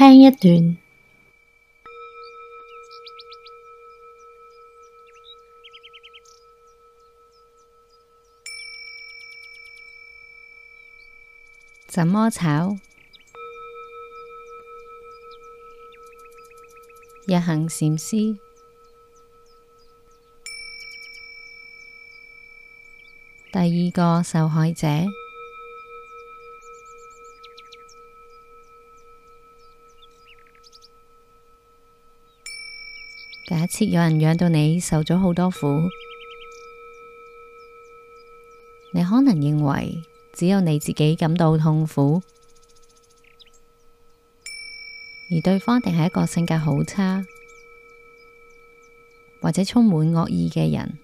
聽一段，怎麼炒？一行禪師，第二個受害者。假設有人養到你受咗好多苦，你可能認為只有你自己感到痛苦，而對方定係一個性格好差或者充滿惡意嘅人，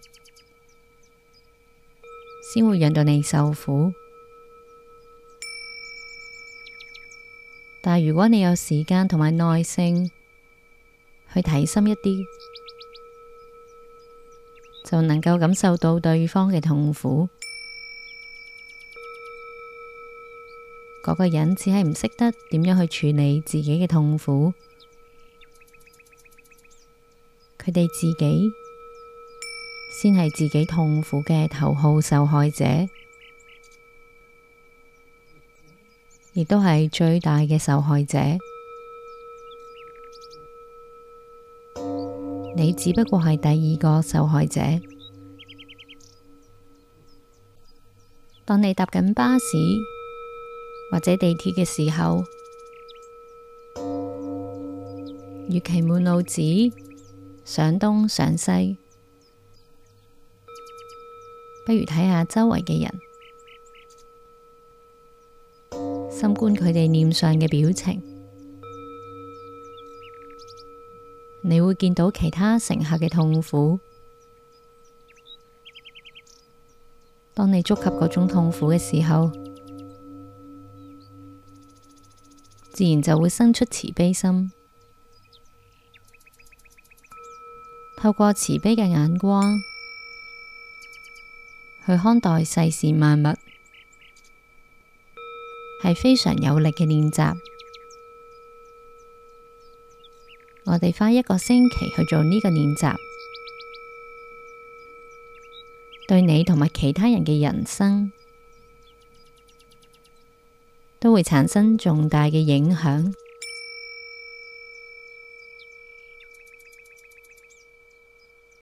先會養到你受苦。但如果你有時間同埋耐性，去睇深一啲，就能夠感受到對方嘅痛苦。嗰個人只係唔識得點樣去處理自己嘅痛苦，佢哋自己先係自己痛苦嘅頭號受害者，亦都係最大嘅受害者。你只不過係第二個受害者。當你搭緊巴士或者地鐵嘅時候，與其滿腦子想東想西，不如睇下周圍嘅人，心觀佢哋臉上嘅表情。你會見到其他乘客嘅痛苦。當你觸及嗰種痛苦嘅時候，自然就會生出慈悲心。透過慈悲嘅眼光去看待世事萬物，係非常有力嘅練習。我哋花一個星期去做呢個練習，對你同埋其他人嘅人生都會產生重大嘅影響。